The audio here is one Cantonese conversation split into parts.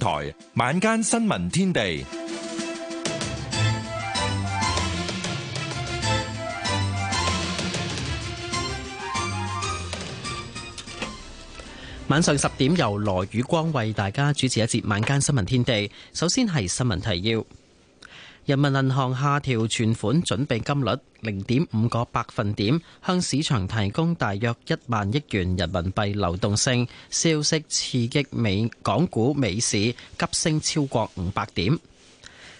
台晚間新聞天地，晚上十點由羅宇光為大家主持一節晚間新聞天地。首先係新聞提要。人民銀行下調存款準備金率零點五個百分點，向市場提供大約一萬億元人民幣流動性。消息刺激美港股、美市急升超過五百點。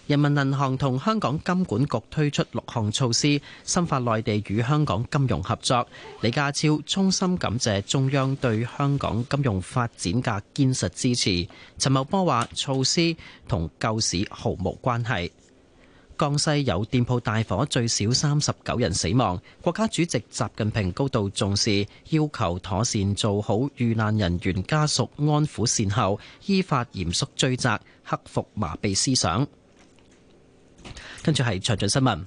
人民銀行同香港金管局推出六項措施，深化內地與香港金融合作。李家超衷心感謝中央對香港金融發展嘅堅實支持。陳茂波話，措施同救市毫無關係。江西有店鋪大火，最少三十九人死亡。國家主席習近平高度重視，要求妥善做好遇難人員家屬安撫善後，依法嚴肅追責，克服麻痹思想。跟住係詳盡新聞。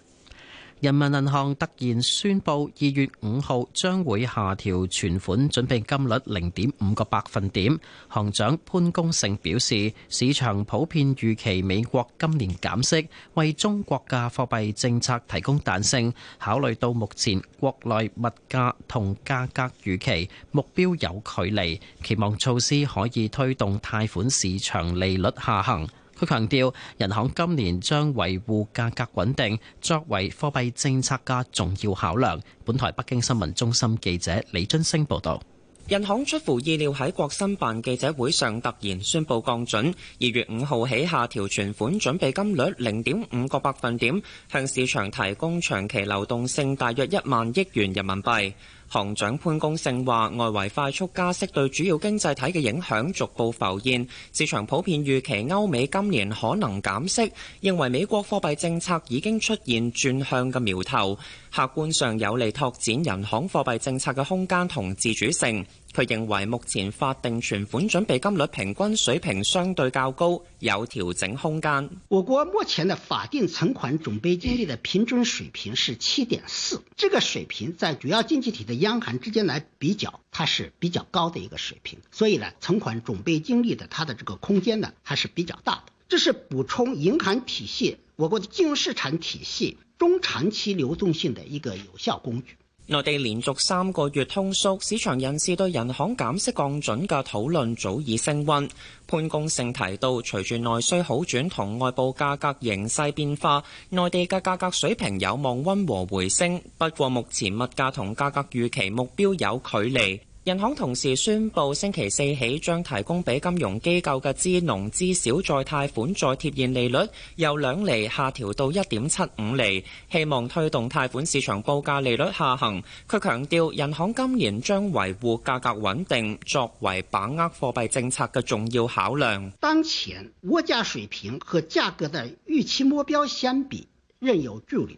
人民銀行突然宣布，二月五號將會下調存款準備金率零點五個百分點。行長潘功勝表示，市場普遍預期美國今年減息，為中國嘅貨幣政策提供彈性。考慮到目前國內物價同價格預期目標有距離，期望措施可以推動貸款市場利率下行。佢強調，人行今年將維護價格穩定作為貨幣政策嘅重要考量。本台北京新聞中心記者李津升報道，人行出乎意料喺國新辦記者會上突然宣布降準，二月五號起下調存款準備金率零點五個百分點，向市場提供長期流動性，大約一萬億元人民幣。行長潘功勝話，外圍快速加息對主要經濟體嘅影響逐步浮現，市場普遍預期歐美今年可能減息，認為美國貨幣政策已經出現轉向嘅苗頭，客觀上有利拓展人行貨幣政策嘅空間同自主性。佢認為目前法定存款準備金率平均水平相對較高，有調整空間。我國目前的法定存款準備金率的平均水平是七點四，這個水平在主要經濟體的央行之間來比較，它是比較高的一個水平。所以呢，存款準備金率的它的這個空間呢，還是比較大的。這是補充銀行體系、我國的金融市場體系中長期流動性的一個有效工具。內地連續三個月通縮，市場人士對人行減息降準嘅討論早已升温。潘功勝提到，隨住內需好轉同外部價格形勢變化，內地嘅價格水平有望温和回升。不過，目前物價同價格預期目標有距離。人行同時宣布，星期四起將提供俾金融機構嘅支農支小再貸款再貼現利率由兩厘下調到一點七五厘，希望推動貸款市場報價利率下行。佢強調，人行今年將維護價格穩定作為把握貨幣政策嘅重要考量。當前物價水平和價格的預期目標相比仍有距離。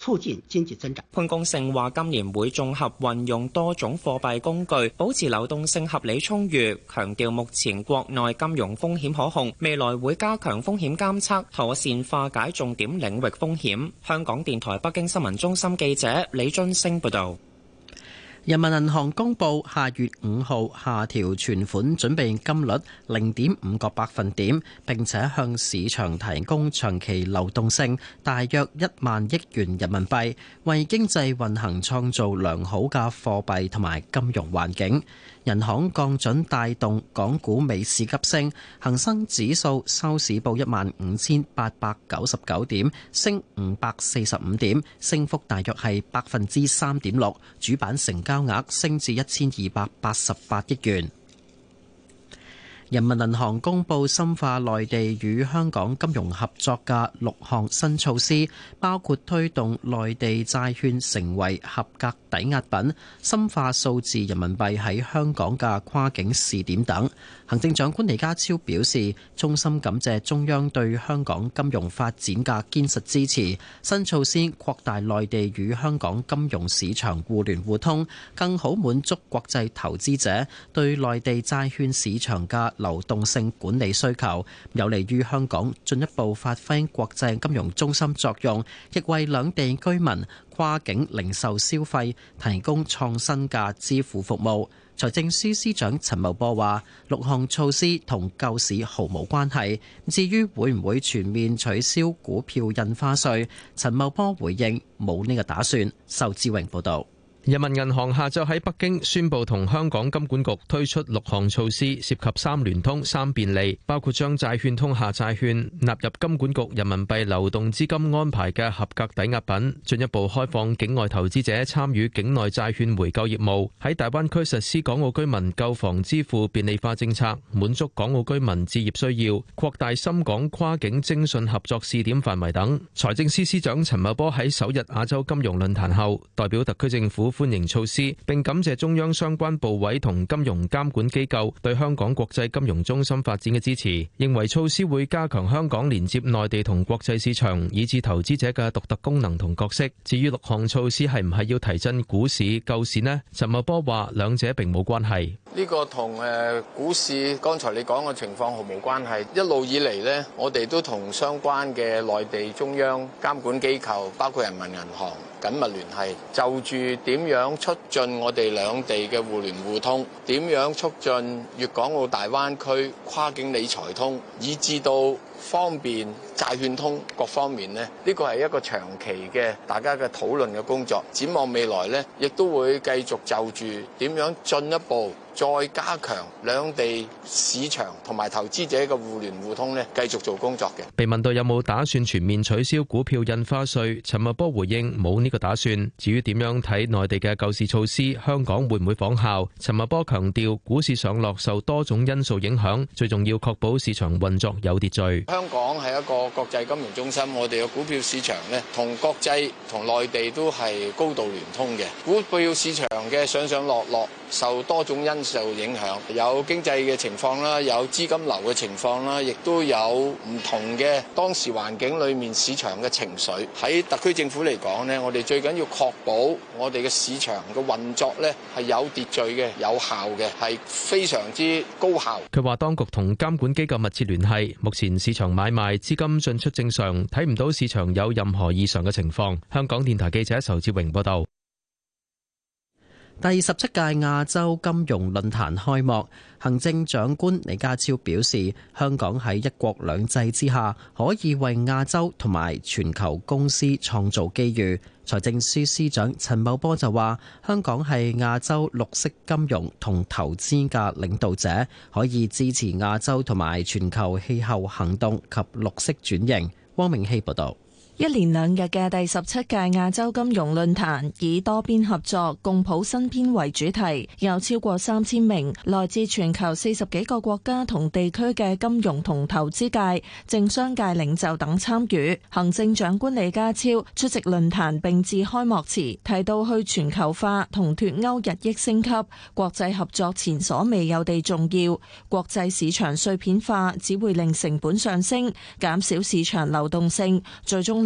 促進經濟增長。潘功勝話：今年會綜合運用多種貨幣工具，保持流動性合理充裕。強調目前國內金融風險可控，未來會加強風險監測，妥善化解重點領域風險。香港電台北京新聞中心記者李津升報道。人民銀行公布下月五號下調存款準備金率零點五個百分點，並且向市場提供長期流動性大約一萬億元人民幣，為經濟運行創造良好嘅貨幣同埋金融環境。人行降準帶動港股尾市急升，恒生指數收市報一萬五千八百九十九點，升五百四十五點，升幅大約係百分之三點六。主板成交額升至一千二百八十八億元。人民銀行公布深化內地與香港金融合作嘅六項新措施，包括推動內地債券成為合格抵押品、深化數字人民幣喺香港嘅跨境試點等。行政長官李家超表示，衷心感謝中央對香港金融發展嘅堅實支持。新措施擴大內地與香港金融市場互聯互通，更好滿足國際投資者對內地債券市場嘅流動性管理需求，有利於香港進一步發揮國際金融中心作用，亦為兩地居民跨境零售消費提供創新嘅支付服務。財政司司長陳茂波話：六項措施同救市毫無關係。至於會唔會全面取消股票印花稅，陳茂波回應冇呢個打算。仇志榮報導。人民銀行下晝喺北京宣布，同香港金管局推出六項措施，涉及三聯通、三便利，包括將債券通下債券納入金管局人民幣流動資金安排嘅合格抵押品，進一步開放境外投資者參與境內債券回購業務，喺大灣區實施港澳居民購房支付便利化政策，滿足港澳居民置業需要，擴大深港跨境徵信合作試點範圍等。財政司司長陳茂波喺首日亞洲金融論壇後，代表特區政府。歡迎措施，並感謝中央相關部委同金融監管機構對香港國際金融中心發展嘅支持。認為措施會加強香港連接內地同國際市場，以至投資者嘅獨特功能同角色。至於六項措施係唔係要提振股市、救市呢？陳茂波話：兩者並冇關係。呢個同誒股市剛才你講嘅情況毫無關係。一路以嚟呢，我哋都同相關嘅內地中央監管機構，包括人民銀行。緊密聯繫，就住點樣促進我哋兩地嘅互聯互通，點樣促進粵港澳大灣區跨境理財通，以至到。方便債券通各方面呢，呢、呢個係一個長期嘅大家嘅討論嘅工作。展望未來咧，亦都會繼續就住點樣進一步再加強兩地市場同埋投資者嘅互聯互通咧，繼續做工作嘅。被問到有冇打算全面取消股票印花稅，陳茂波回應冇呢個打算。至於點樣睇內地嘅救市措施，香港會唔會仿效？陳茂波強調股市上落受多種因素影響，最重要確保市場運作有秩序。香港係一個國際金融中心，我哋嘅股票市場呢，同國際同內地都係高度聯通嘅，股票市場嘅上上落落，受多種因素影響，有經濟嘅情況啦，有資金流嘅情況啦，亦都有唔同嘅當時環境裡面市場嘅情緒，喺特區政府嚟講呢，我哋最緊要確保我哋嘅市場嘅運作呢係有秩序嘅、有效嘅、係非常之高效。佢話當局同監管機構密切聯繫，目前市場買賣資金進出正常，睇唔到市場有任何異常嘅情況。香港電台記者仇志榮報道。第十七屆亞洲金融論壇開幕，行政長官李家超表示，香港喺一國兩制之下，可以為亞洲同埋全球公司創造機遇。財政司司長陳茂波就話：香港係亞洲綠色金融同投資嘅領導者，可以支持亞洲同埋全球氣候行動及綠色轉型。汪明希報道。一連兩日嘅第十七屆亞洲金融論壇，以多邊合作共譜新篇為主題，有超過三千名來自全球四十幾個國家同地區嘅金融同投資界、政商界領袖等參與。行政長官李家超出席論壇並致開幕詞，提到去全球化同脫歐日益升級，國際合作前所未有地重要。國際市場碎片化只會令成本上升，減少市場流動性，最終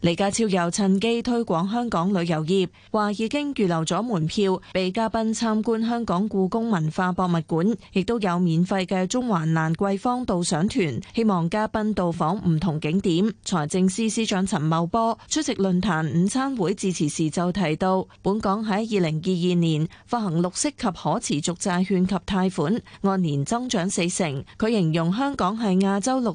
李家超又趁機推廣香港旅遊業，話已經預留咗門票俾嘉賓參觀香港故宮文化博物館，亦都有免費嘅中環蘭桂坊導賞團，希望嘉賓到訪唔同景點。財政司司長陳茂波出席論壇午餐會致辭時就提到，本港喺二零二二年發行綠色及可持續債券及貸款，按年增長四成。佢形容香港係亞洲綠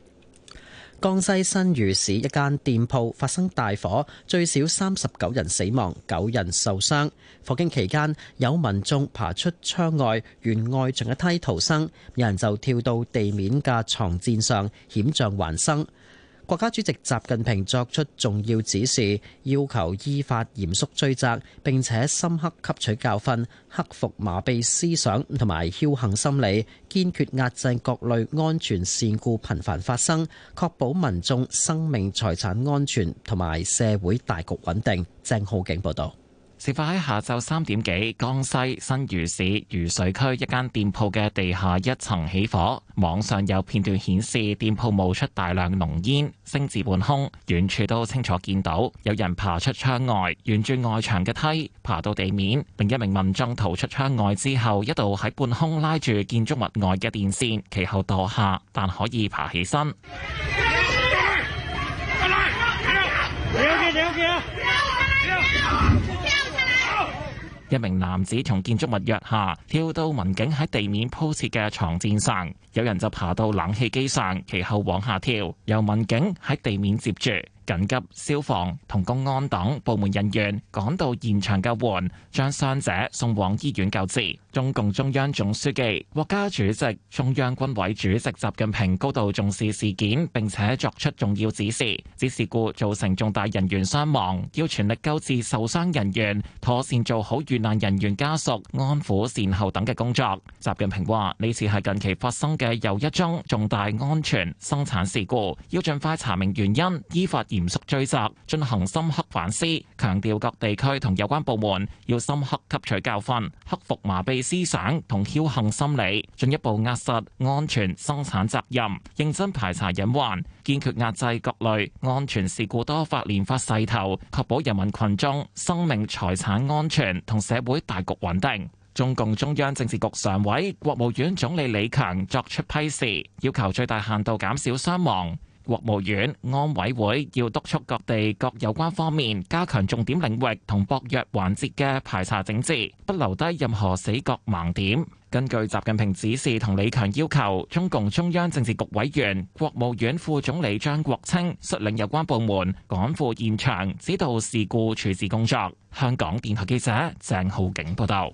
江西新餘市一間店鋪發生大火，最少三十九人死亡，九人受傷。火警期間，有民眾爬出窗外，沿外牆一梯逃生，有人就跳到地面嘅床墊上，險象環生。國家主席習近平作出重要指示，要求依法嚴肅追責，並且深刻吸取教訓，克服麻痹思想同埋僥倖心理，堅決壓制各類安全事故頻繁發生，確保民眾生命財產安全同埋社會大局穩定。鄭浩景報道。事發喺下晝三點幾，江西新餘市渝水區一間店鋪嘅地下一層起火，網上有片段顯示店鋪冒出大量濃煙，升至半空，遠處都清楚見到有人爬出窗外，沿住外牆嘅梯爬到地面。另一名民眾逃出窗外之後，一度喺半空拉住建築物外嘅電線，其後墮下，但可以爬起身。一名男子從建築物躍下，跳到民警喺地面鋪設嘅床墊上，有人就爬到冷氣機上，其後往下跳，由民警喺地面接住。緊急消防同公安等部門人員趕到現場救援，將傷者送往醫院救治。中共中央總書記、國家主席、中央軍委主席習近平高度重視事件，並且作出重要指示。指事故造成重大人員傷亡，要全力救治受傷人員，妥善做好遇難人員家屬安撫善後等嘅工作。習近平話：呢次係近期發生嘅又一宗重大安全生產事故，要盡快查明原因，依法嚴肅追責，進行深刻反思。強調各地區同有關部門要深刻吸取教訓，克服麻痹思想同僥倖心理，進一步壓實安全生產責任，認真排查隱患，堅決壓制各類安全事故多發連發勢頭，確保人民群衆生命財產安全同社會大局穩定。中共中央政治局常委、國務院總理李強作出批示，要求最大限度減少傷亡。國務院安委會要督促各地各有關方面加強重點領域同薄弱環節嘅排查整治，不留低任何死角盲點。根據習近平指示同李強要求，中共中央政治局委員、國務院副總理張國清率領有關部門趕赴現場指導事故處置工作。香港電台記者鄭浩景報道。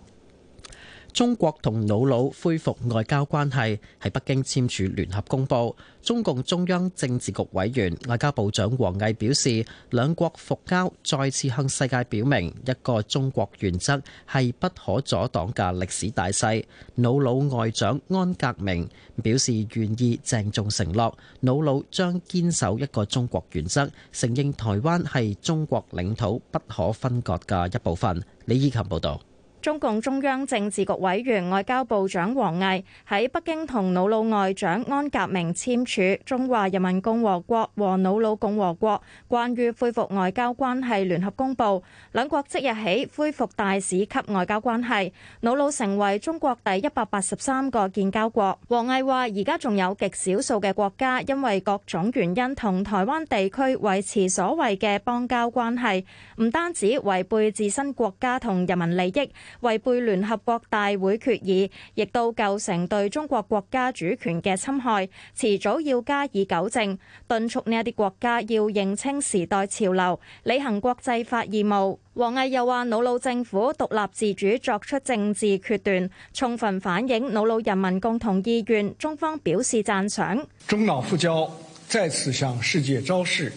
中國同瑙魯恢復外交關係，喺北京簽署聯合公報。中共中央政治局委員、外交部長王毅表示，兩國復交再次向世界表明一個中國原則係不可阻擋嘅歷史大勢。瑙魯外長安格明表示願意鄭重承諾，瑙魯將堅守一個中國原則，承認台灣係中國領土不可分割嘅一部分。李依琴報道。中共中央政治局委員外交部長王毅喺北京同瑙魯外長安格明簽署《中華人民共和國和瑙魯共和國關於恢復外交關係聯合公報》，兩國即日起恢復大使級外交關係，瑙魯成為中國第一百八十三個建交國。王毅話而家仲有極少數嘅國家因為各種原因同台灣地區維持所謂嘅邦交關係，唔單止違背自身國家同人民利益，違背聯合國大會決議，亦都構成對中國國家主權嘅侵害，遲早要加以糾正。敦促呢一啲國家要認清時代潮流，履行國際法義務。王毅又話，瑙魯政府獨立自主作出政治決斷，充分反映瑙魯人民共同意願，中方表示讚賞。中瑙復交再次向世界昭示，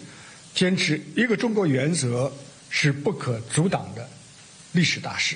堅持一個中國原則是不可阻擋的歷史大事。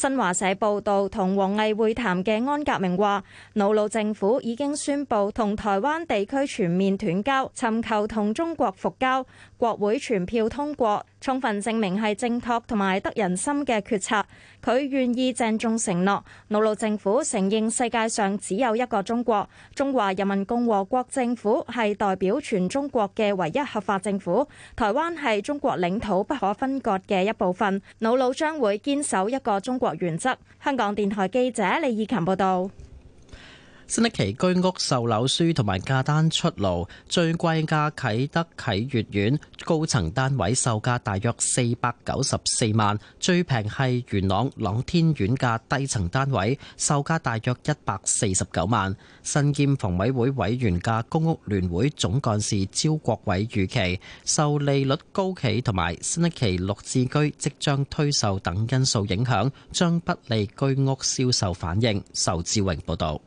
新華社報道，同王毅會談嘅安格明話，瑙魯政府已經宣布同台灣地區全面斷交，尋求同中國復交。國會全票通過，充分證明係正確同埋得人心嘅決策。佢願意鄭重承諾，瑙魯政府承認世界上只有一個中國，中華人民共和國政府係代表全中國嘅唯一合法政府，台灣係中國領土不可分割嘅一部分。瑙魯將會堅守一個中國原則。香港電台記者李以琴報道。新一期居，居屋售樓書同埋價單出爐，最貴嘅啟德啟悅苑高層單位售價大約四百九十四萬，最平係元朗朗天苑嘅低層單位售價大約一百四十九萬。身兼房委會委員嘅公屋聯會總幹事招國偉預期，受利率高企同埋新一期綠置居即將推售等因素影響，將不利居屋銷售反應。仇志榮報道。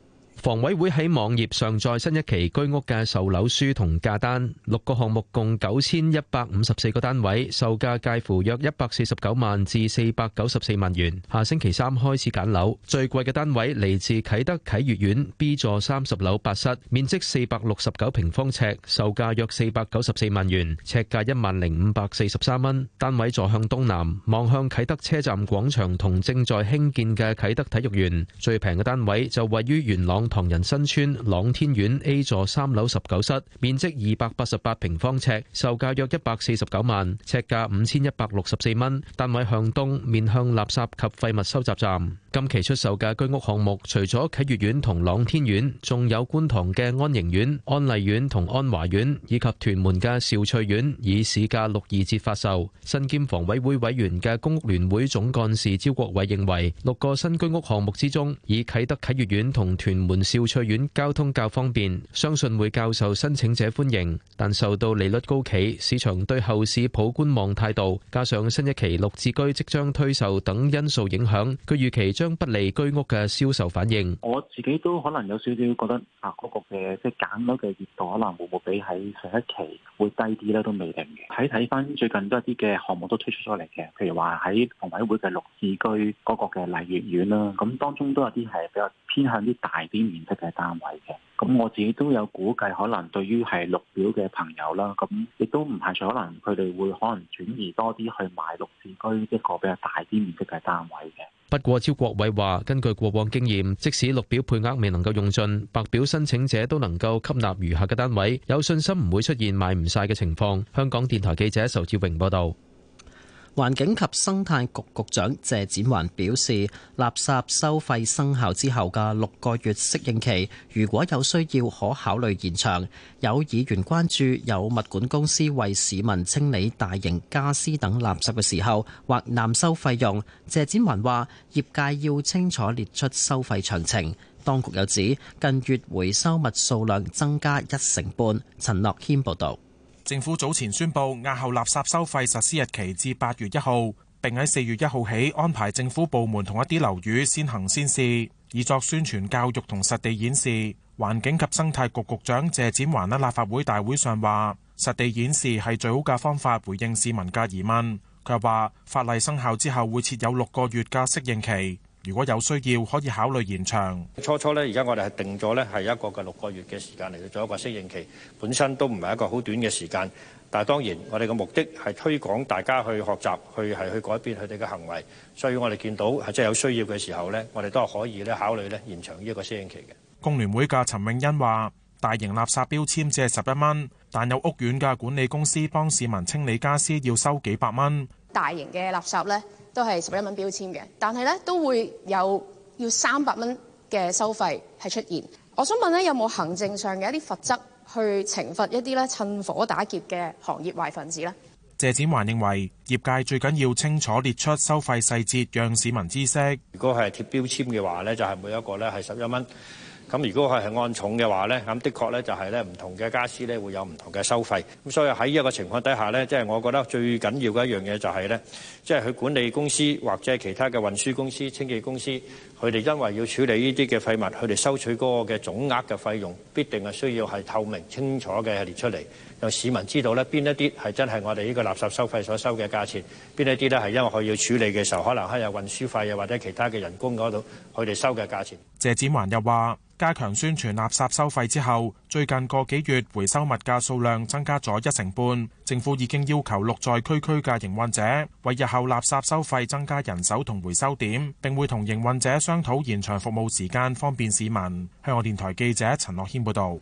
房委會喺網頁上載新一期居屋嘅售樓書同價單，六個項目共九千一百五十四個單位，售價介乎約一百四十九萬至四百九十四萬元。下星期三開始揀樓，最貴嘅單位嚟自啟德啟悦苑 B 座三十樓八室，面積四百六十九平方尺，售價約四百九十四萬元，尺價一萬零五百四十三蚊。單位坐向東南，望向啟德車站廣場同正在興建嘅啟德體育園。最平嘅單位就位於元朗。唐人新村朗天苑 A 座三樓十九室，面積二百八十八平方尺，售價約一百四十九萬，尺價五千一百六十四蚊，單位向東，面向垃圾及廢物收集站。今期出售嘅居屋項目，除咗啟悅苑同朗天苑，仲有觀塘嘅安盈苑、安麗苑同安華苑，以及屯門嘅兆翠苑，以市價六二折發售。身兼房委會委員嘅公屋聯會總幹事招國偉認為，六個新居屋項目之中，以啟德啟悅苑同屯門兆翠苑交通較方便，相信會較受申請者歡迎。但受到利率高企、市場對後市抱觀望態度，加上新一期綠置居即將推售等因素影響，佢預期。將不利居屋嘅銷售反應，我自己都可能有少少覺得啊，嗰個嘅即係揀樓嘅熱度可能會冇比喺上一期會低啲咧，都未定嘅。睇睇翻最近都一啲嘅項目都推出咗嚟嘅，譬如話喺房委會嘅綠置居嗰個嘅麗玥苑啦，咁當中都有啲係比較偏向啲大啲面積嘅單位嘅。咁我自己都有估計，可能對於係綠表嘅朋友啦，咁亦都唔排除可能佢哋會可能轉移多啲去買綠置居一個比較大啲面積嘅單位嘅。不過，招國偉話：根據過往經驗，即使綠表配額未能夠用盡，白表申請者都能夠吸納餘下嘅單位，有信心唔會出現買唔晒嘅情況。香港電台記者仇志榮報導。環境及生態局局長謝展環表示，垃圾收費生效之後嘅六個月適應期，如果有需要，可考慮延長。有議員關注有物管公司為市民清理大型傢俬等垃圾嘅時候，或濫收費用。謝展環話：業界要清楚列出收費詳情。當局又指近月回收物數量增加一成半。陳諾軒報導。政府早前宣布押後垃圾收費實施日期至八月一號，並喺四月一號起安排政府部門同一啲樓宇先行先試，以作宣傳教育同實地演示。環境及生態局局長謝展寰喺立法會大會上話，實地演示係最好嘅方法，回應市民嘅疑問。佢又話，法例生效之後會設有六個月嘅適應期。如果有需要，可以考慮延長。初初呢，而家我哋係定咗呢係一個嘅六個月嘅時間嚟到做一個適應期，本身都唔係一個好短嘅時間。但係當然，我哋嘅目的係推廣大家去學習，去係去改變佢哋嘅行為。所以我哋見到係即係有需要嘅時候呢，我哋都係可以呢考慮呢延長呢一個適應期嘅。工聯會嘅陳永欣話，大型垃圾標籤只係十一蚊，但有屋苑嘅管理公司幫市民清理家私要收幾百蚊。大型嘅垃圾呢，都係十一蚊標籤嘅，但係咧都會有要三百蚊嘅收費係出現。我想問咧，有冇行政上嘅一啲罰則去懲罰一啲咧趁火打劫嘅行業壞分子呢？謝展寰認為業界最緊要清楚列出收費細節，讓市民知悉。如果係貼標籤嘅話咧，就係每一個咧係十一蚊。咁如果佢係按重嘅話呢，咁的確呢，就係呢唔同嘅家私呢會有唔同嘅收費。咁所以喺依一個情況底下呢，即係我覺得最緊要嘅一樣嘢就係呢，即係佢管理公司或者其他嘅運輸公司、清潔公司，佢哋因為要處理呢啲嘅廢物，佢哋收取嗰個嘅總額嘅費用，必定係需要係透明清楚嘅列出嚟，有市民知道呢，邊一啲係真係我哋呢個垃圾收費所收嘅價錢，邊一啲呢係因為佢要處理嘅時候可能係有運輸費啊或者其他嘅人工嗰度，佢哋收嘅價錢。謝展環又話。加強宣傳垃圾收費之後，最近個幾月回收物價數量增加咗一成半。政府已經要求綠在區區嘅營運者，為日後垃圾收費增加人手同回收點，並會同營運者商討延長服務時間，方便市民。香港電台記者陳樂軒報導。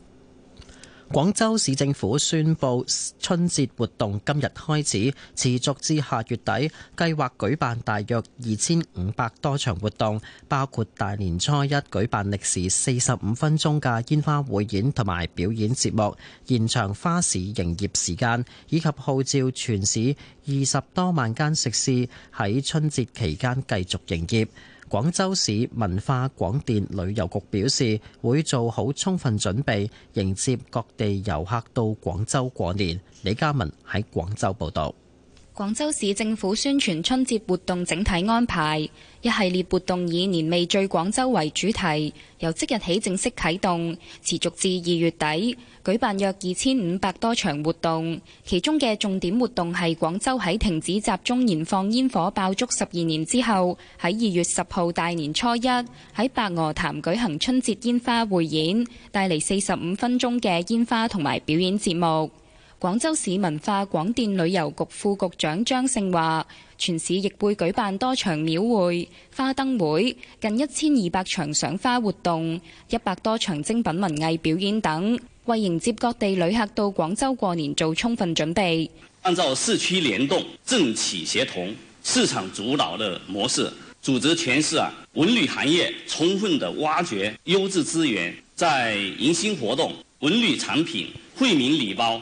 廣州市政府宣佈，春節活動今日開始，持續至下月底，計劃舉辦大約二千五百多場活動，包括大年初一舉辦歷時四十五分鐘嘅煙花匯演同埋表演節目，延長花市營業時間，以及號召全市二十多萬間食肆喺春節期間繼續營業。廣州市文化廣電旅遊局表示，會做好充分準備迎接各地遊客到廣州過年。李嘉文喺廣州報道。廣州市政府宣傳春節活動整體安排，一系列活動以年味最廣州為主題，由即日起正式啟動，持續至二月底，舉辦約二千五百多場活動。其中嘅重點活動係廣州喺停止集中燃放煙火爆竹十二年之後，喺二月十號大年初一喺白鵝潭舉行春節煙花匯演，帶嚟四十五分鐘嘅煙花同埋表演節目。廣州市文化廣電旅遊局副局長張勝話：全市亦會舉辦多場廟會、花燈會、近一千二百場賞花活動、一百多場精品文藝表演等，為迎接各地旅客到廣州過年做充分準備。按照市區聯動、政企協同、市場主導的模式，組織全市啊文旅行業充分的挖掘優質資源，在迎新活動、文旅產品、惠民禮包。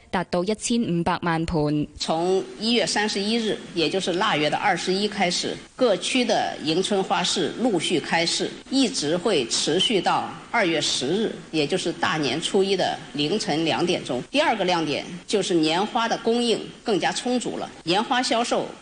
達到一千五百萬盆，從一月三十一日，也就是臘月的二十一開始，各區的迎春花市陸續開市，一直會持續到二月十日，也就是大年初一的凌晨兩點鐘。第二個亮點就是年花的供應更加充足了，年花銷售。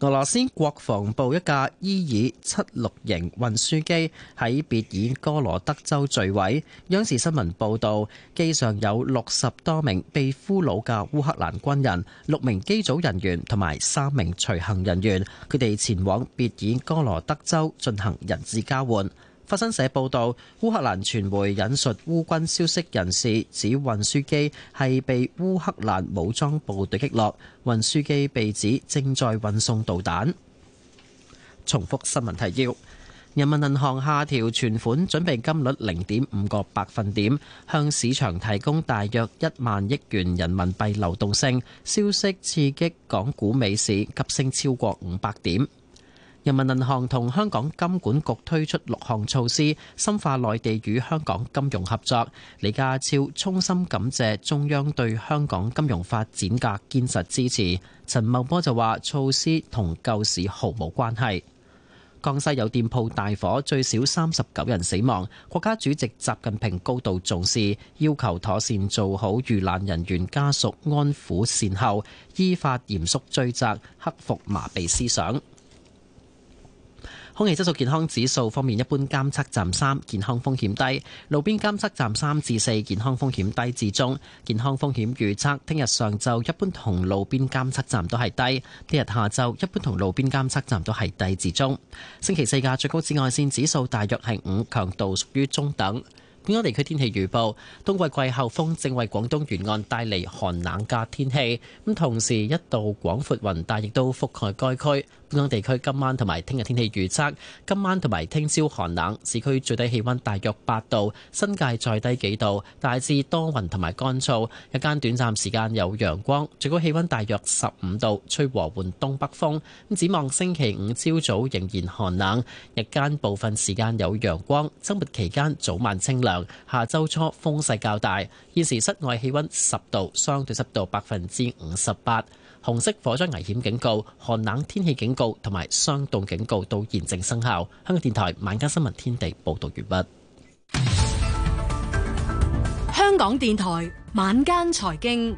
俄羅斯國防部一架伊爾七六型運輸機喺別爾哥羅德州墜毀，央視新聞報道，機上有六十多名被俘虜嘅烏克蘭軍人、六名機組人員同埋三名隨行人員，佢哋前往別爾哥羅德州進行人質交換。法新社報導，烏克蘭傳媒引述烏軍消息人士指，運輸機係被烏克蘭武裝部隊擊落，運輸機被指正在運送導彈。重複新聞提要：人民銀行下調存款準備金率零點五個百分點，向市場提供大約一萬億元人民幣流動性。消息刺激港股美市急升超過五百點。人民銀行同香港金管局推出六項措施，深化內地與香港金融合作。李家超衷心感謝中央對香港金融發展嘅堅實支持。陳茂波就話，措施同救市毫無關係。江西有店鋪大火，最少三十九人死亡。國家主席習近平高度重視，要求妥善做好遇難人員家屬安撫善後，依法嚴肅追責，克服麻痹思想。空氣質素健康指數方面，一般監測站三，健康風險低；路邊監測站三至四，健康風險低至中。健康風險預測：聽日上晝一般同路邊監測站都係低；聽日下晝一般同路邊監測站都係低至中。星期四嘅最高紫外線指數大約係五，強度屬於中等。本港地區天氣預報：冬季季候風正為廣東沿岸帶嚟寒冷嘅天氣。咁同時，一道廣闊雲帶亦都覆蓋該區。本港地區今晚同埋聽日天氣預測：今晚同埋聽朝寒冷，市區最低氣溫大約八度，新界再低幾度，大致多雲同埋乾燥，一間短暫時間有陽光，最高氣溫大約十五度，吹和緩東北風。咁展望星期五朝早仍然寒冷，日間部分時間有陽光，週末期間早晚清涼。下周初風勢較大，現時室外氣溫十度，相對濕度百分之五十八。紅色火災危險警告、寒冷天氣警告同埋霜凍警告都現正生效。香港電台晚間新聞天地報道完畢。香港電台晚間財經，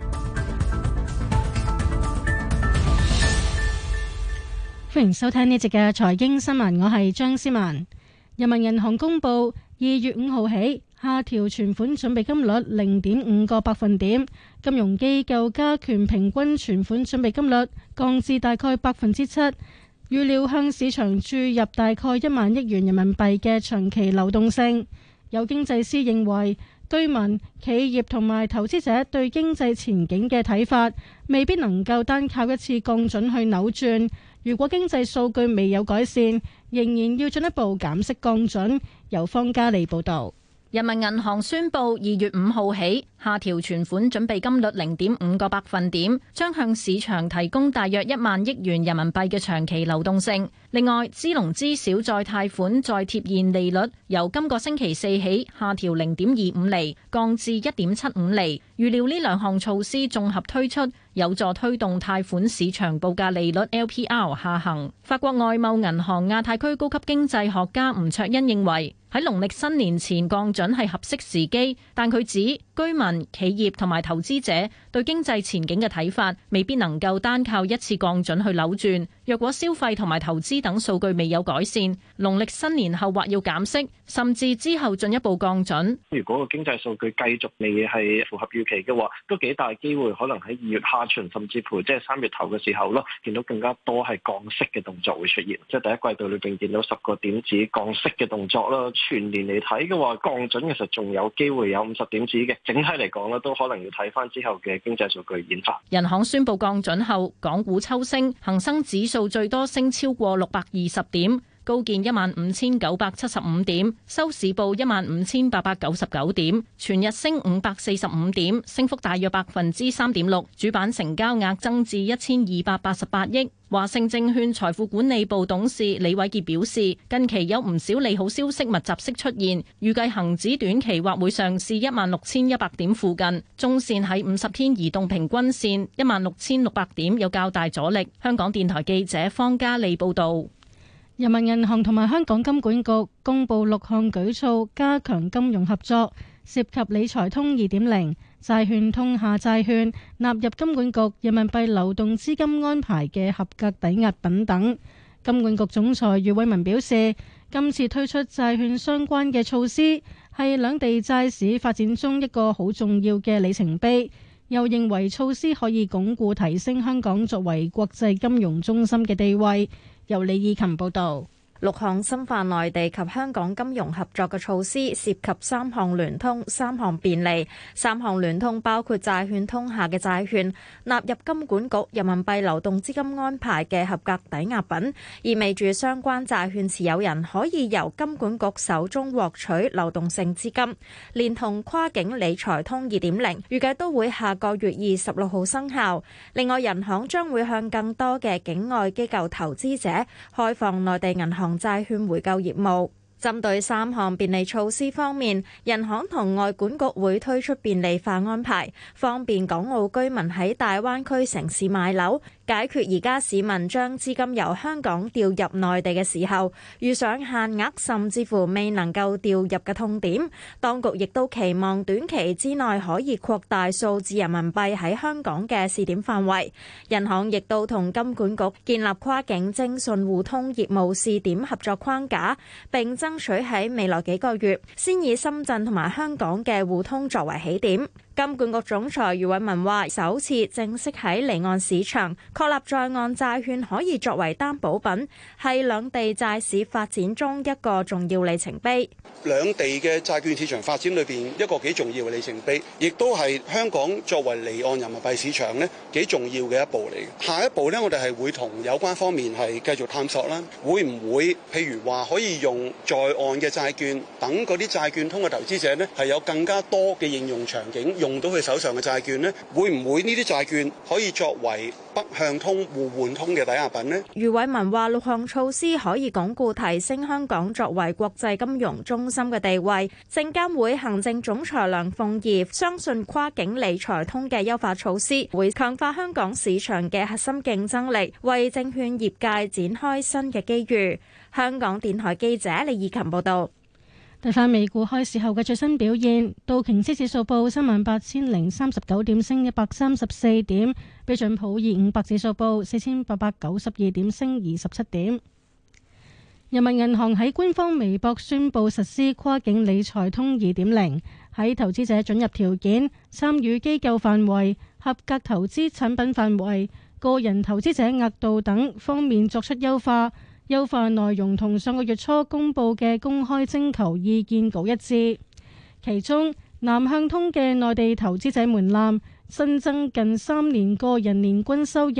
歡迎收聽呢集嘅財經新聞，我係張思文。人民銀行公布二月五號起，下調存款準備金率零點五個百分點，金融機構加權平均存款準備金率降至大概百分之七，預料向市場注入大概一萬億元人民幣嘅長期流動性。有經濟師認為，居民、企業同埋投資者對經濟前景嘅睇法未必能夠單靠一次降準去扭轉。如果經濟數據未有改善，仍然要進一步減息降準。由方家利報道。人民銀行宣布，二月五號起下調存款準備金率零點五個百分點，將向市場提供大約一萬億元人民幣嘅長期流動性。另外，支農支小再貸款再貼現利率由今個星期四起下調零點二五厘，降至一點七五厘。預料呢兩項措施綜合推出，有助推動貸款市場報價利率 LPR 下行。法國外貿銀行亞太區高級經濟學家吳卓恩認為。喺農曆新年前降準係合適時機，但佢指居民、企業同埋投資者對經濟前景嘅睇法未必能夠單靠一次降準去扭轉，若果消費同埋投資等數據未有改善，農曆新年後或要減息，甚至之後進一步降準，如果個經濟數據繼續未係符合預期嘅話，都幾大機會可能喺二月下旬甚至乎即係三月頭嘅時候咯，見到更加多係降息嘅動作會出現，即係第一季度裏邊見到十個點子降息嘅動作啦。全年嚟睇嘅話，降準其實仲有機會有五十點子嘅。整體嚟講咧，都可能要睇返之後嘅經濟數據演發。人行宣布降準後，港股抽升，恒生指數最多升超過六百二十點。高見一萬五千九百七十五點，收市報一萬五千八百九十九點，全日升五百四十五點，升幅大約百分之三點六。主板成交額增至一千二百八十八億。華盛證券財富管理部董事李偉杰表示，近期有唔少利好消息密集式出現，預計恒指短期或會上試一萬六千一百點附近，中線喺五十天移動平均線一萬六千六百點有較大阻力。香港電台記者方嘉莉報道。人民銀行同埋香港金管局公布六項舉措加強金融合作，涉及理財通二點零債券通下債券納入金管局人民幣流動資金安排嘅合格抵押品等。金管局總裁余偉文表示，今次推出債券相關嘅措施，係兩地債市發展中一個好重要嘅里程碑，又認為措施可以鞏固提升香港作為國際金融中心嘅地位。由李以琴報道。六項深化內地及香港金融合作嘅措施，涉及三項聯通、三項便利、三項聯通包括債券通下嘅債券納入金管局人民幣流動資金安排嘅合格抵押品，意味住相關債券持有人可以由金管局手中獲取流動性資金。連同跨境理財通2.0預計都會下個月二十六號生效。另外，人行將會向更多嘅境外機構投資者開放內地銀行債券回購業務，針對三項便利措施方面，人行同外管局會推出便利化安排，方便港澳居民喺大灣區城市買樓。解決而家市民將資金由香港調入內地嘅時候遇上限額，甚至乎未能夠調入嘅痛點。當局亦都期望短期之內可以擴大數字人民幣喺香港嘅試點範圍。銀行亦都同金管局建立跨境徵信互通業務試點合作框架，並爭取喺未來幾個月先以深圳同埋香港嘅互通作為起點。金管局總裁余偉文話：首次正式喺離岸市場確立在岸債券可以作為擔保品，係兩地債市發展中一個重要里程碑。兩地嘅債券市場發展裏邊一個幾重要嘅里程碑，亦都係香港作為離岸人民幣市場咧幾重要嘅一步嚟嘅。下一步咧，我哋係會同有關方面係繼續探索啦，會唔會譬如話可以用在岸嘅債券等嗰啲債券，券通過投資者咧係有更加多嘅應用場景用。用到佢手上嘅債券呢，會唔會呢啲債券可以作為北向通互換通嘅抵押品呢？余偉文話六項措施可以鞏固提升香港作為國際金融中心嘅地位。證監會行政總裁梁鳳儀相信跨境理財通嘅優化措施會強化香港市場嘅核心競爭力，為證券業界展開新嘅機遇。香港電台記者李以琴報道。睇翻美股開市後嘅最新表現，道瓊斯指數報三萬八千零三十九點，升一百三十四點；標準普爾五百指數報四千八百九十二點，升二十七點。人民銀行喺官方微博宣布實施跨境理財通二點零，喺投資者准入條件、參與機構範圍、合格投資產品範圍、個人投資者額度等方面作出優化。優化內容同上個月初公布嘅公開徵求意見稿一致，其中南向通嘅內地投資者門檻新增近三年個人年均收入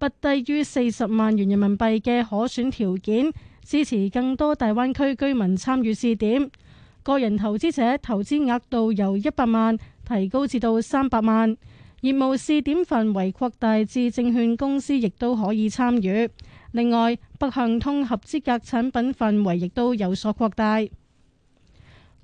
不低於四十萬元人民幣嘅可選條件，支持更多大灣區居民參與試點。個人投資者投資額度由一百萬提高至到三百萬，業務試點範圍擴大至證券公司亦都可以參與。另外，北向通合資格產品範圍亦都有所擴大。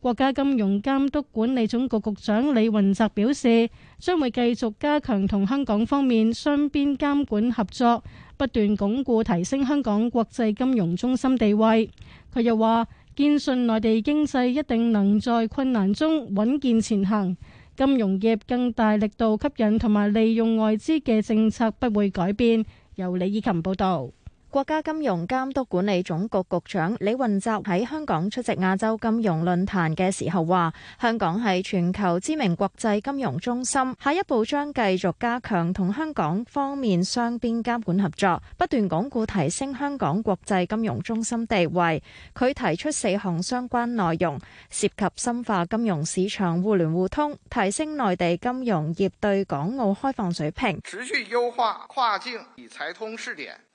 國家金融監督管理總局局長李雲澤表示，將會繼續加強同香港方面雙邊監管合作，不斷鞏固提升香港國際金融中心地位。佢又話，堅信內地經濟一定能在困難中穩健前行，金融業更大力度吸引同埋利用外資嘅政策不會改變。由李以琴報道。國家金融監督管理總局局長李雲澤喺香港出席亞洲金融論壇嘅時候話：香港係全球知名國際金融中心，下一步將繼續加強同香港方面雙邊監管合作，不斷鞏固提升香港國際金融中心地位。佢提出四項相關內容，涉及深化金融市場互聯互通，提升內地金融業，業對港澳開放水平，持續優化跨境理財通試點。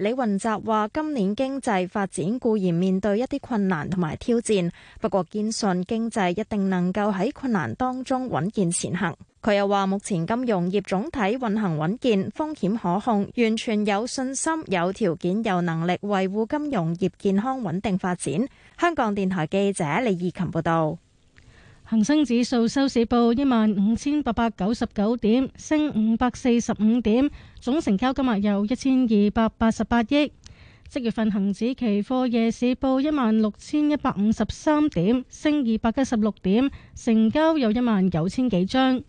李雲澤話：今年經濟發展固然面對一啲困難同埋挑戰，不過堅信經濟一定能夠喺困難當中穩健前行。佢又話：目前金融業總體運行穩健，風險可控，完全有信心、有條件、有能力維護金融業健康穩定發展。香港電台記者李義琴報道。恒生指數收市報一萬五千八百九十九點，升五百四十五點，總成交金額有一千二百八十八億。即月份恒指期貨夜市報一萬六千一百五十三點，升二百一十六點，成交有一萬九千幾張。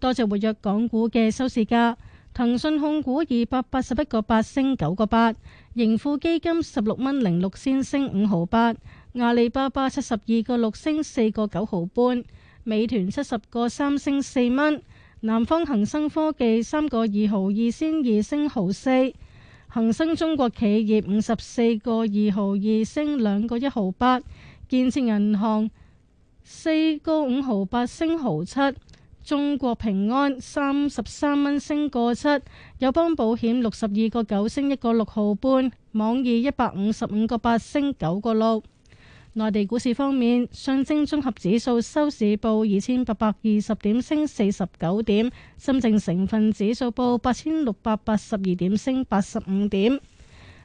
多隻活躍港股嘅收市價，騰訊控股二百八十一個八升九個八，盈富基金十六蚊零六仙，升五毫八。阿里巴巴七十二個六升四個九毫半，美團七十個三升四蚊，南方恒生科技三個二毫二先二升毫四，恒生中國企業五十四個二毫二升兩個一毫八，建設銀行四個五毫八升毫七，中國平安三十三蚊升個七，友邦保險六十二個九升一個六毫半，網易一百五十五個八升九個六。內地股市方面，上證綜合指數收市報二千八百二十點，升四十九點；深證成分指數報八千六百八十二點，升八十五點。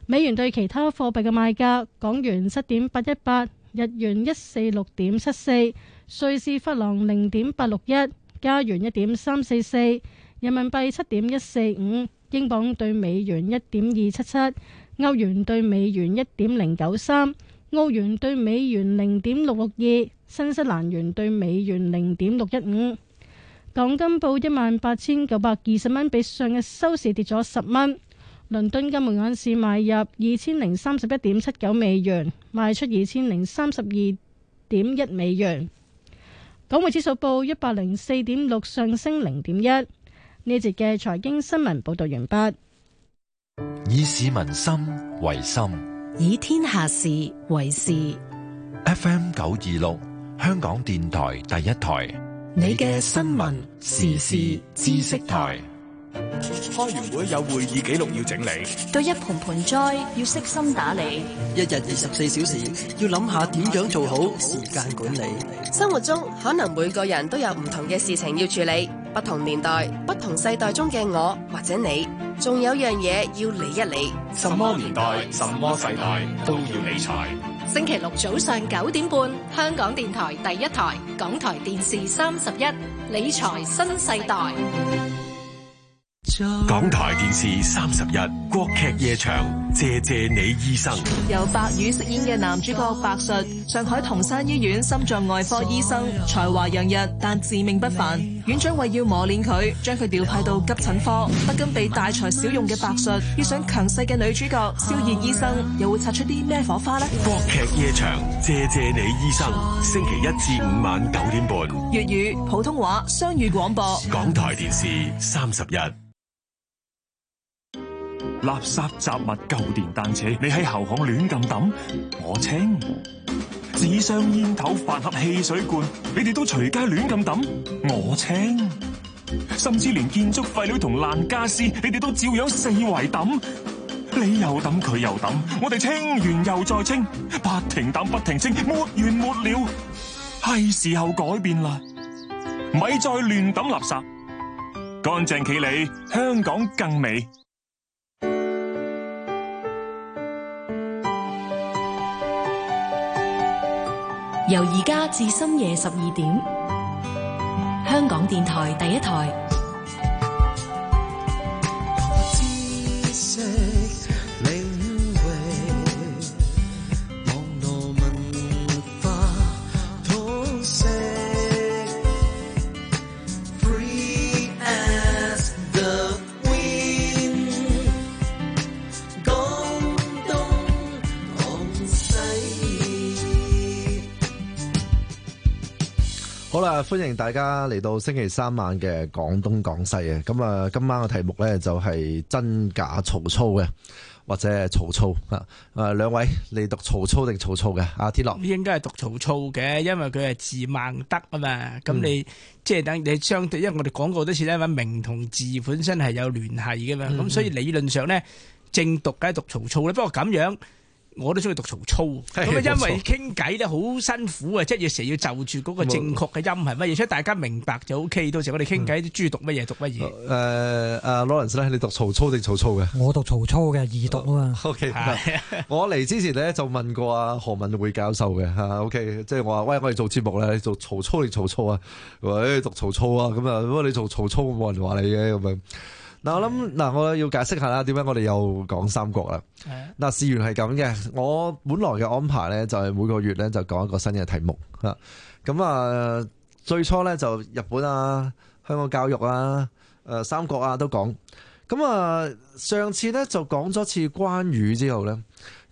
美元對其他貨幣嘅賣價：港元七點八一八，日元一四六點七四，瑞士法郎零點八六一，加元一點三四四，人民幣七點一四五，英鎊對美元一點二七七，歐元對美元一點零九三。澳元兌美元零點六六二，新西蘭元兌美元零點六一五。港金報一萬八千九百二十蚊，比上日收市跌咗十蚊。倫敦金每安士買入二千零三十一點七九美元，賣出二千零三十二點一美元。港匯指數報一百零四點六，上升零點一。呢節嘅財經新聞報道完畢。以市民心為心。以天下事為事。FM 九二六，香港電台第一台。你嘅新聞時事知識台。開完會有會議記錄要整理。對一盆盆栽要悉心打理。一日二十四小時，要諗下點樣做好時間管理。生活中可能每個人都有唔同嘅事情要處理。不同年代、不同世代中嘅我或者你，仲有樣嘢要理一理。什麼年代、什麼世代都要理財。星期六早上九點半，香港電台第一台，港台電視三十一，理財新世代。港台電視三十一，國劇夜場，謝謝你醫生。由白宇飾演嘅男主角白術，上海同山醫院心臟外科醫生，才華洋溢，但自命不凡。院長為要磨練佢，將佢調派到急診科，不禁被大材小用嘅白術遇上強勢嘅女主角蕭葉人醫生，又會擦出啲咩火花呢？國劇夜場，謝謝你醫生，星期一至五晚九點半，粵語、普通話雙語廣播，港台電視三十一。垃圾雜物、舊電單車，你喺後巷亂咁抌，我清。紙箱、煙頭、飯盒、汽水罐，你哋都隨街亂咁抌，我清；甚至連建築廢料同爛家私，你哋都照樣四圍抌。你又抌，佢又抌，我哋清完又再清，不停抌不，不停清，沒完沒了，係時候改變啦，咪再亂抌垃圾，乾淨企理，香港更美。由而家至深夜十二點，香港電台第一台。好啦，歡迎大家嚟到星期三晚嘅廣東廣西啊！咁啊，今晚嘅題目呢，就係真假曹操嘅，或者曹操啊？誒，兩位，你讀曹操定曹操嘅？阿、啊、天樂應該係讀曹操嘅，因為佢係字孟德啊嘛。咁你、嗯、即係等你相對，因為我哋講過都似呢咧，名同字本身係有聯繫嘅嘛。咁、嗯嗯、所以理論上呢，正讀梗係讀曹操咧。不過咁樣。我都中意讀曹操，咁啊嘿因為傾偈咧好辛苦啊，錯即係要成日要就住嗰個正確嘅音係乜嘢，所以、嗯、大家明白就 O K。到時我哋傾偈，都中意、嗯、讀乜嘢、uh, 讀乜嘢？誒誒，Lawrence 咧，你讀曹操定曹操嘅？我讀曹操嘅易讀啊嘛。O K，我嚟之前咧就問過阿何文匯教授嘅吓，O K，即係話，喂我哋做節目咧，你讀曹操定曹操啊？喂、哎，讀曹操啊？咁啊，如果你做曹操，冇人話你嘅咁。嗱，我諗嗱，我要解釋下啦，點解我哋又講三國啦？嗱，事緣係咁嘅，我本來嘅安排呢，就係每個月呢，就講一個新嘅題目啊。咁啊，最初呢，就日本啊、香港教育啊、誒三國啊都講。咁啊，上次呢，就講咗次關羽之後呢，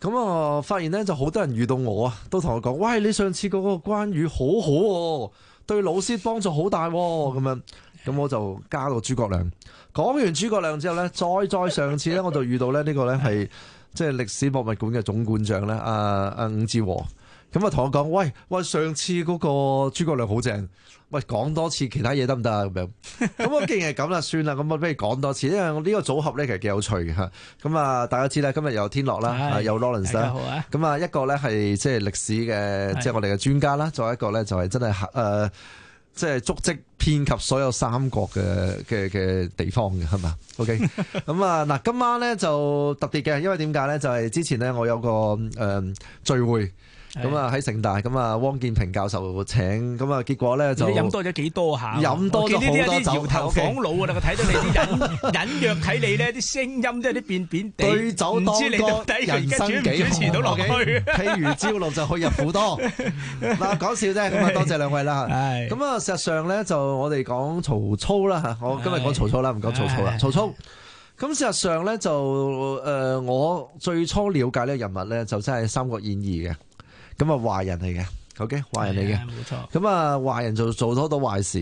咁啊發現呢，就好多人遇到我啊，都同我講：喂，你上次嗰個關羽好好啊，對老師幫助好大啊，咁樣。咁我就加咗個諸葛亮。講完諸葛亮之後咧，再再上次咧，我就遇到咧呢個咧係即係歷史博物館嘅總館長咧。阿阿伍志和咁啊，同、啊、我講：喂喂，上次嗰個諸葛亮好正，喂，講多次其他嘢得唔得啊？咁樣，咁我既然係咁啦，算啦。咁我不如講多次，因為呢個組合咧其實幾有趣嘅吓。咁啊，大家知啦，今日有天樂啦，哎、有 Lawrence，啊有 Lawrence 啦，咁啊一個咧係即係歷史嘅，即、就、係、是、我哋嘅專家啦，再的一個咧就係真係誒。呃即係足跡遍及所有三國嘅嘅嘅地方嘅係嘛？OK，咁啊嗱，今晚咧就特別嘅，因為點解咧就係、是、之前咧我有個誒、呃、聚會。咁啊，喺盛大咁啊，汪建平教授請咁啊，結果咧就飲多咗幾多下，飲多咗好多酒，搖頭晃腦啊，我睇到你啲飲隱約睇你咧啲聲音，即係啲變扁，對酒當歌，人生幾何？譬如朝露就去日苦多。嗱，講笑啫。咁啊，多謝兩位啦。咁啊，事實上咧就我哋講曹操啦。我今日講曹操啦，唔講曹操啦。曹操咁事實上咧就誒，我最初了解呢個人物咧，就真係《三國演義》嘅。咁啊，壞人嚟嘅，OK，壞人嚟嘅，冇錯，咁啊，壞人就做做好多壞事。